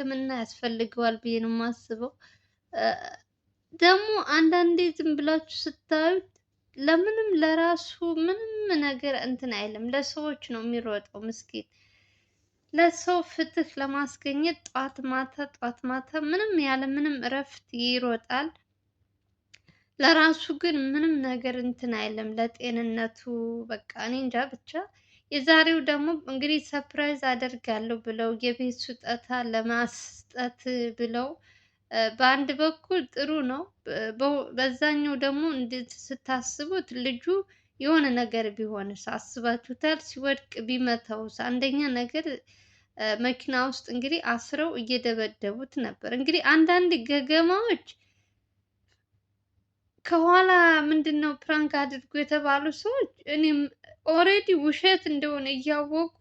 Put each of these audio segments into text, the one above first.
ሕክምና ያስፈልገዋል ብዬ ነው የማስበው። ደግሞ አንዳንዴ ዝም ብላችሁ ስታዩት ለምንም ለራሱ ምንም ነገር እንትን አይልም። ለሰዎች ነው የሚሮጠው ምስኪን። ለሰው ፍትህ ለማስገኘት ጧት ማታ ጧት ማታ ምንም ያለ ምንም እረፍት ይሮጣል። ለራሱ ግን ምንም ነገር እንትን አይልም። ለጤንነቱ በቃ እኔ እንጃ ብቻ የዛሬው ደግሞ እንግዲህ ሰፕራይዝ አደርጋለሁ ብለው የቤት ስጦታ ለማስጠት ብለው በአንድ በኩል ጥሩ ነው፣ በዛኛው ደግሞ ስታስቡት ልጁ የሆነ ነገር ቢሆንስ አስባችሁታል? ሲወድቅ ቢመታውስ? አንደኛ ነገር መኪና ውስጥ እንግዲህ አስረው እየደበደቡት ነበር። እንግዲህ አንዳንድ ገገማዎች ከኋላ ምንድን ነው ፕራንክ አድርጎ የተባሉ ሰዎች እኔም ኦልሬዲ ውሸት እንደሆነ እያወቁ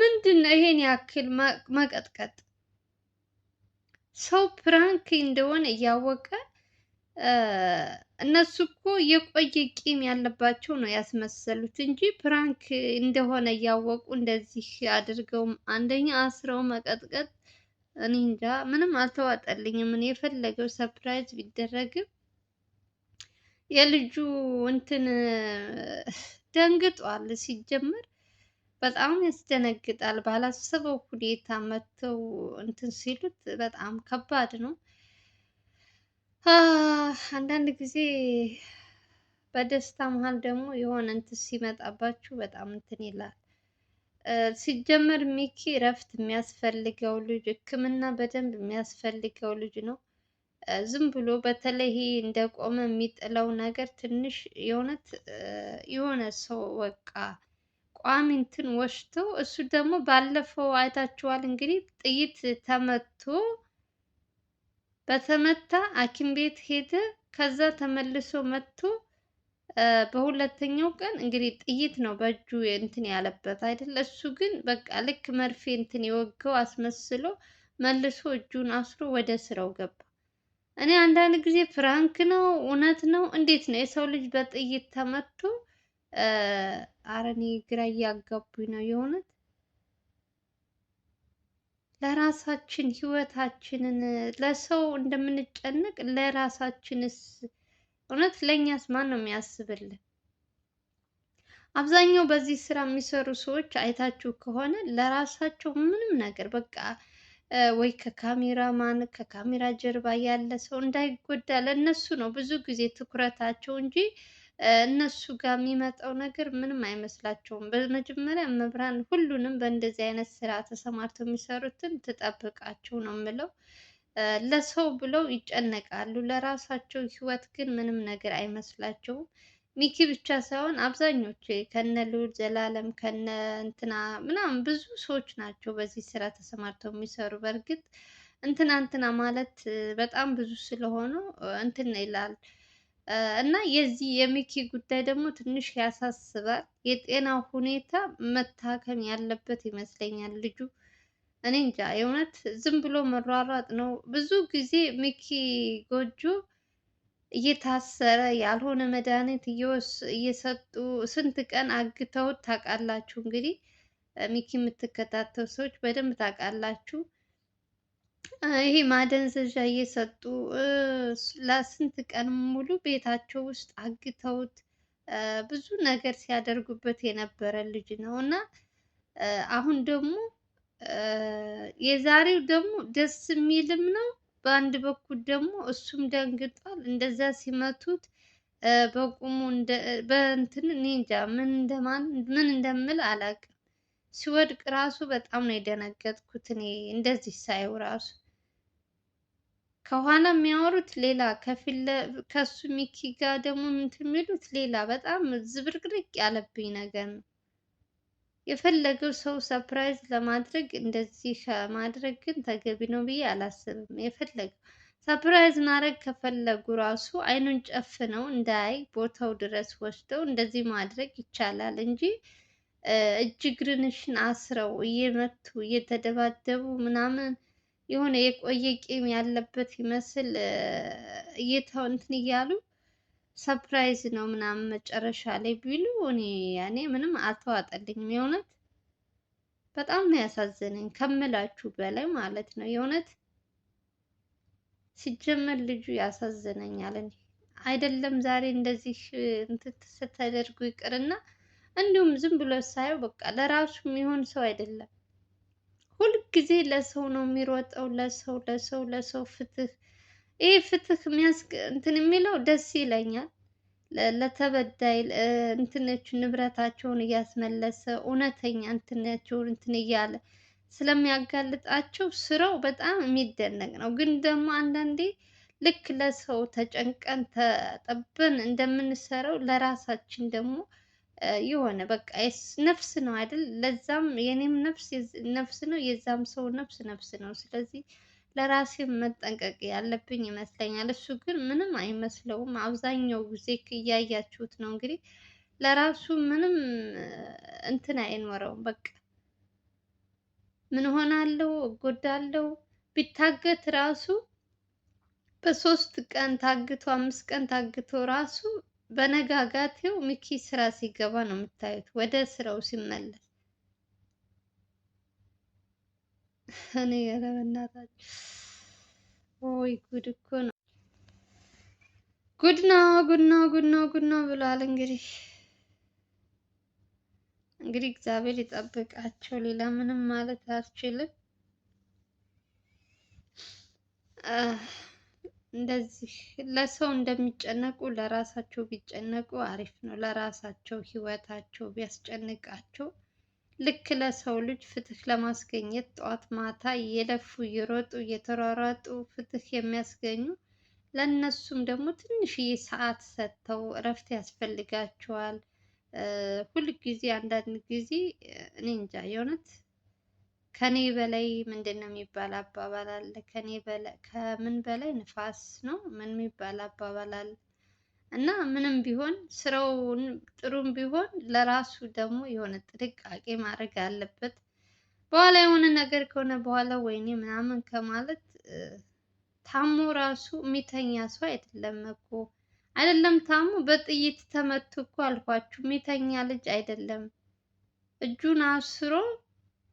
ምንድን ነው ይሄን ያክል መቀጥቀጥ? ሰው ፕራንክ እንደሆነ እያወቀ እነሱ እኮ የቆየ ቂም ያለባቸው ነው ያስመሰሉት እንጂ ፕራንክ እንደሆነ እያወቁ እንደዚህ አድርገው አንደኛ አስረው መቀጥቀጥ እኔ እንጃ ምንም አልተዋጠልኝም። እኔ የፈለገው ሰርፕራይዝ ቢደረግም የልጁ እንትን ደንግጧል። ሲጀመር በጣም ያስደነግጣል። ባላሰበው ሁኔታ መተው እንትን ሲሉት በጣም ከባድ ነው። አንዳንድ ጊዜ በደስታ መሀል ደግሞ የሆነ እንትን ሲመጣባችሁ በጣም እንትን ይላል። ሲጀመር ሚኪ እረፍት የሚያስፈልገው ልጅ ሕክምና በደንብ የሚያስፈልገው ልጅ ነው። ዝም ብሎ በተለይ እንደቆመ የሚጥለው ነገር ትንሽ የእውነት የሆነ ሰው በቃ ቋሚ እንትን ወስቶ እሱ ደግሞ ባለፈው አይታችኋል እንግዲህ ጥይት ተመቶ በተመታ ሐኪም ቤት ሄደ። ከዛ ተመልሶ መጥቶ በሁለተኛው ቀን እንግዲህ ጥይት ነው በእጁ እንትን ያለበት አይደል? እሱ ግን በቃ ልክ መርፌ እንትን የወገው አስመስሎ መልሶ እጁን አስሮ ወደ ስራው ገባ። እኔ አንዳንድ ጊዜ ፕራንክ ነው እውነት ነው እንዴት ነው የሰው ልጅ በጥይት ተመቶ? አረኔ እኔ ግራ እያጋቡኝ ነው የእውነት። ለራሳችን ህይወታችንን ለሰው እንደምንጨነቅ ለራሳችንስ እውነት ለእኛስ ማን ነው የሚያስብልን? አብዛኛው በዚህ ስራ የሚሰሩ ሰዎች አይታችሁ ከሆነ ለራሳቸው ምንም ነገር በቃ ወይ ከካሜራማን ከካሜራ ጀርባ ያለ ሰው እንዳይጎዳ ለእነሱ ነው ብዙ ጊዜ ትኩረታቸው እንጂ እነሱ ጋር የሚመጣው ነገር ምንም አይመስላቸውም። በመጀመሪያ መብራን ሁሉንም በእንደዚህ አይነት ስራ ተሰማርተው የሚሰሩትን ትጠብቃቸው ነው የምለው። ለሰው ብለው ይጨነቃሉ፣ ለራሳቸው ህይወት ግን ምንም ነገር አይመስላቸውም። ሚኪ ብቻ ሳይሆን አብዛኞቹ ከነ ልዑል ዘላለም ከነ እንትና ምናምን ብዙ ሰዎች ናቸው በዚህ ስራ ተሰማርተው የሚሰሩ። በእርግጥ እንትና እንትና ማለት በጣም ብዙ ስለሆኑ እንትን ይላል እና የዚህ የሚኪ ጉዳይ ደግሞ ትንሽ ያሳስባል። የጤና ሁኔታ መታከም ያለበት ይመስለኛል ልጁ። እኔ እንጃ የእውነት ዝም ብሎ መሯሯጥ ነው። ብዙ ጊዜ ሚኪ ጎጆ እየታሰረ ያልሆነ መድኃኒት እየሰጡ ስንት ቀን አግተውት ታውቃላችሁ። እንግዲህ ሚኪ የምትከታተሉ ሰዎች በደንብ ታውቃላችሁ። ይሄ ማደንዘዣ እየሰጡ ለስንት ቀን ሙሉ ቤታቸው ውስጥ አግተውት ብዙ ነገር ሲያደርጉበት የነበረ ልጅ ነው እና አሁን ደግሞ የዛሬው ደግሞ ደስ የሚልም ነው በአንድ በኩል ደግሞ እሱም ደንግጧል። እንደዛ ሲመቱት በቁሙ በእንትን እኔ እንጃ ምን እንደምል አላውቅም። ሲወድቅ ራሱ በጣም ነው የደነገጥኩት። እኔ እንደዚህ ሳየው ራሱ ከኋላ የሚያወሩት ሌላ፣ ከሱ ሚኪ ጋር ደግሞ እንትን የሚሉት ሌላ። በጣም ዝብርቅርቅ ያለብኝ ነገር ነው። የፈለገው ሰው ሰርፕራይዝ ለማድረግ እንደዚህ ከማድረግ ግን ተገቢ ነው ብዬ አላስብም። የፈለገው ሰርፕራይዝ ማድረግ ከፈለጉ ራሱ አይኑን ጨፍነው እንዳይ ቦታው ድረስ ወስደው እንደዚህ ማድረግ ይቻላል እንጂ እጅ እግርሽን አስረው እየመቱ እየተደባደቡ ምናምን የሆነ የቆየ ቂም ያለበት ይመስል እንትን እያሉ ሰርፕራይዝ ነው ምናምን መጨረሻ ላይ ቢሉ እኔ ያኔ ምንም አልተዋጠልኝም። የእውነት በጣም ነው ያሳዘነኝ ከምላችሁ በላይ ማለት ነው። የእውነት ሲጀመር ልጁ ያሳዝነኛል። እኔ አይደለም ዛሬ እንደዚህ እንትን ስተደርጉ ይቅርና እንዲሁም ዝም ብሎ ሳየው በቃ ለራሱ የሚሆን ሰው አይደለም። ሁልጊዜ ለሰው ነው የሚሮጠው፣ ለሰው ለሰው ለሰው ፍትህ ይህ ፍትህ የሚያስቅ እንትን የሚለው ደስ ይለኛል። ለተበዳይ እንትኖች ንብረታቸውን እያስመለሰ እውነተኛ እንትናቸውን እንትን እያለ ስለሚያጋልጣቸው ስራው በጣም የሚደነቅ ነው። ግን ደግሞ አንዳንዴ ልክ ለሰው ተጨንቀን ተጠበን እንደምንሰራው ለራሳችን ደግሞ የሆነ በቃ ነፍስ ነው አይደል? ለዛም የኔም ነፍስ ነፍስ ነው፣ የዛም ሰው ነፍስ ነፍስ ነው። ስለዚህ ለራሴ መጠንቀቅ ያለብኝ ይመስለኛል። እሱ ግን ምንም አይመስለውም። አብዛኛው ጊዜ እያያችሁት ነው እንግዲህ ለራሱ ምንም እንትን አይኖረውም። በቃ ምን ሆናለው፣ እጎዳለው። ቢታገት ራሱ በሶስት ቀን ታግቶ አምስት ቀን ታግቶ ራሱ በነጋጋቴው ሚኪ ስራ ሲገባ ነው የምታዩት፣ ወደ ስራው ሲመለስ እኔ ኧረ በእናታችሁ ወይ ጉድ እኮ ነው። ጉድ ነው፣ ጉድ ነው፣ ጉድ ነው፣ ጉድ ነው ብሏል። እንግዲህ እንግዲህ እግዚአብሔር ይጠብቃቸው። ሌላ ምንም ማለት አልችልም። እንደዚህ ለሰው እንደሚጨነቁ ለራሳቸው ቢጨነቁ አሪፍ ነው። ለራሳቸው ህይወታቸው ቢያስጨንቃቸው ልክ ለሰው ልጅ ፍትህ ለማስገኘት ጠዋት ማታ እየለፉ እየሮጡ እየተሯሯጡ ፍትህ የሚያስገኙ ለእነሱም ደግሞ ትንሽዬ ሰዓት ሰጥተው እረፍት ያስፈልጋቸዋል። ሁል ጊዜ አንዳንድ ጊዜ እኔ እንጃ የእውነት ከኔ በላይ ምንድን ነው የሚባል አባባል አለ። ከኔ በላይ ከምን በላይ ንፋስ ነው ምን የሚባል አባባል አለ። እና ምንም ቢሆን ስራውን ጥሩም ቢሆን ለራሱ ደግሞ የሆነ ጥንቃቄ ማድረግ አለበት። በኋላ የሆነ ነገር ከሆነ በኋላ ወይኔ ምናምን ከማለት ታሞ ራሱ የሚተኛ ሰው አይደለም እኮ አይደለም ታሞ በጥይት ተመቶ እኮ አልኳችሁ። የሚተኛ ልጅ አይደለም። እጁን አስሮ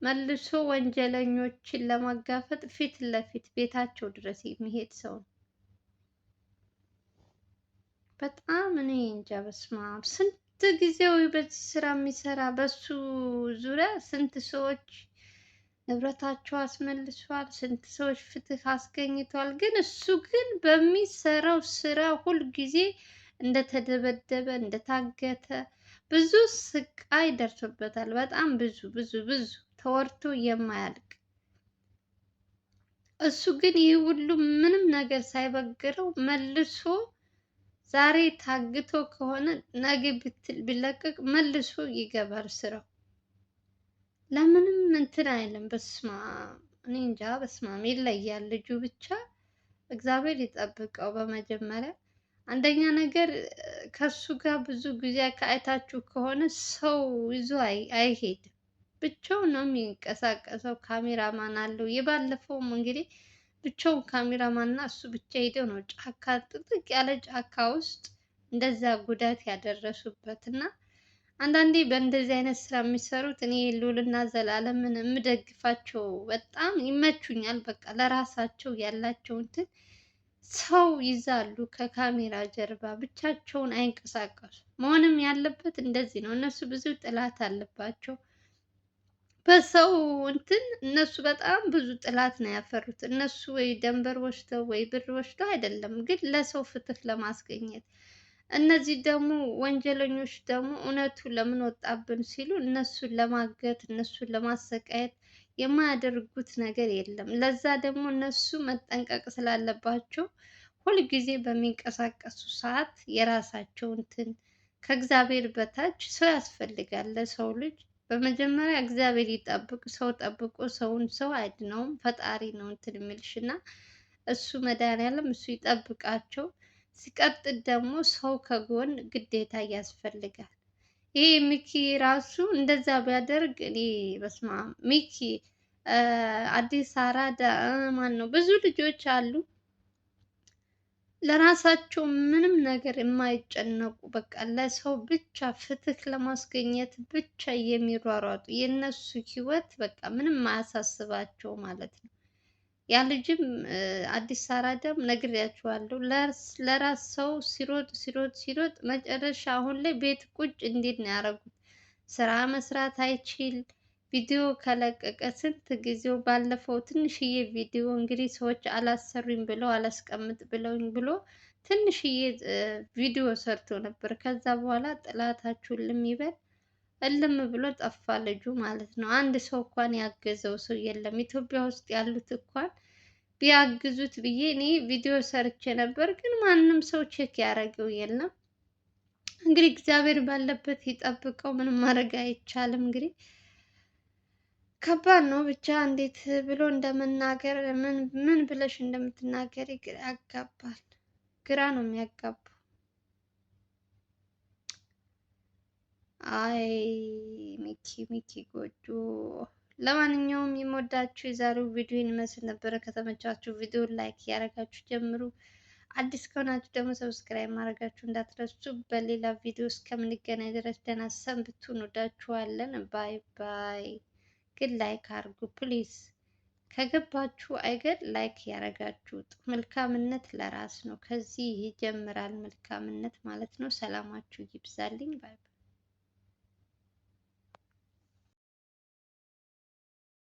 መልሶ ወንጀለኞችን ለማጋፈጥ ፊት ለፊት ቤታቸው ድረስ የሚሄድ ሰው ነው። በጣም እኔ እንጃ በስመ አብ ስንት ጊዜው በዚህ ስራ የሚሰራ በሱ ዙሪያ ስንት ሰዎች ንብረታቸው አስመልሷል። ስንት ሰዎች ፍትህ አስገኝቷል። ግን እሱ ግን በሚሰራው ስራ ሁልጊዜ እንደተደበደበ እንደታገተ ብዙ ስቃይ ደርሶበታል። በጣም ብዙ ብዙ ብዙ ተወርቶ የማያልቅ እሱ ግን ይህ ሁሉ ምንም ነገር ሳይበግረው መልሶ ዛሬ ታግቶ ከሆነ ነገ ቢለቀቅ መልሶ ይገባል ስራው። ለምንም እንትን አይልም። በስማ እኔ እንጃ በስማም ይለያል ልጁ ብቻ እግዚአብሔር ይጠብቀው። በመጀመሪያ አንደኛ ነገር ከሱ ጋር ብዙ ጊዜ ከአይታችሁ ከሆነ ሰው ይዞ አይሄድም፣ ብቻው ነው የሚንቀሳቀሰው። ካሜራማን አለው። የባለፈውም እንግዲህ ብቻው ካሜራማን እና እሱ ብቻ ሄደው ነው ጫካ ጥቅጥቅ ያለ ጫካ ውስጥ እንደዛ ጉዳት ያደረሱበት እና አንዳንዴ በእንደዚህ አይነት ስራ የሚሰሩት እኔ ሉልና ዘላለምን የምደግፋቸው በጣም ይመቹኛል። በቃ ለራሳቸው ያላቸው እንትን ሰው ይዛሉ ከካሜራ ጀርባ ብቻቸውን አይንቀሳቀሱ። መሆንም ያለበት እንደዚህ ነው። እነሱ ብዙ ጥላት አለባቸው። በሰው እንትን እነሱ በጣም ብዙ ጥላት ነው ያፈሩት። እነሱ ወይ ደንበር ወስደው ወይ ብር ወስደው አይደለም፣ ግን ለሰው ፍትህ ለማስገኘት እነዚህ ደግሞ ወንጀለኞች ደግሞ እውነቱ ለምን ወጣብን ሲሉ እነሱን ለማገት እነሱን ለማሰቃየት የማያደርጉት ነገር የለም። ለዛ ደግሞ እነሱ መጠንቀቅ ስላለባቸው ሁልጊዜ በሚንቀሳቀሱ ሰዓት የራሳቸው እንትን ከእግዚአብሔር በታች ሰው ያስፈልጋል ለሰው ልጅ በመጀመሪያ እግዚአብሔር ይጠብቅ። ሰው ጠብቆ ሰውን ሰው አይድነውም፣ ፈጣሪ ነው እንትን የሚልሽ እና እሱ መድኃኒዓለም እሱ ይጠብቃቸው። ሲቀጥል ደግሞ ሰው ከጎን ግዴታ ያስፈልጋል። ይሄ ሚኪ ራሱ እንደዛ ቢያደርግ እኔ በስማ ሚኪ አዲስ አራዳ ማን ነው ብዙ ልጆች አሉ ለራሳቸው ምንም ነገር የማይጨነቁ በቃ ለሰው ብቻ ፍትህ ለማስገኘት ብቻ የሚሯሯጡ የእነሱ ህይወት በቃ ምንም አያሳስባቸው ማለት ነው። ያ ልጅም አዲስ አራዳም ነግሬያችኋለሁ። ለራስ ሰው ሲሮጥ ሲሮጥ ሲሮጥ መጨረሻ አሁን ላይ ቤት ቁጭ እንዴት ነው ያደረጉት? ስራ መስራት አይችል ቪዲዮ ከለቀቀ ስንት ጊዜው ባለፈው ትንሽዬ ቪዲዮ እንግዲህ ሰዎች አላሰሩኝ ብለው አላስቀምጥ ብለውኝ ብሎ ትንሽዬ ቪዲዮ ሰርቶ ነበር። ከዛ በኋላ ጥላታችሁን ልሚበል እልም ብሎ ጠፋ ልጁ ማለት ነው። አንድ ሰው እንኳን ያገዘው ሰው የለም። ኢትዮጵያ ውስጥ ያሉት እንኳን ቢያግዙት ብዬ እኔ ቪዲዮ ሰርቼ ነበር፣ ግን ማንም ሰው ቼክ ያደረገው የለም። እንግዲህ እግዚአብሔር ባለበት ይጠብቀው። ምንም ማድረግ አይቻልም እንግዲህ ከባድ ነው ብቻ እንዴት ብሎ እንደመናገር ምን ብለሽ እንደምትናገር ያጋባል። ግራ ነው የሚያጋባው። አይ ሚኪ ሚኪ ጎጆ። ለማንኛውም የምወዳችሁ የዛሬው ቪዲዮ ይመስል ነበረ። ከተመቻችሁ ቪዲዮ ላይክ ያደረጋችሁ ጀምሩ። አዲስ ከሆናችሁ ደግሞ ሰብስክራይብ ማድረጋችሁ እንዳትረሱ። በሌላ ቪዲዮ እስከምንገናኝ ድረስ ደህና ሰንብቱ። እንወዳችኋለን። ባይ ባይ። ግን ላይክ አርጉ ፕሊዝ። ከገባችሁ አይገር ላይክ ያረጋችሁት መልካምነት ለራስ ነው። ከዚህ ይጀምራል መልካምነት ማለት ነው። ሰላማችሁ ይብዛልኝ ባይ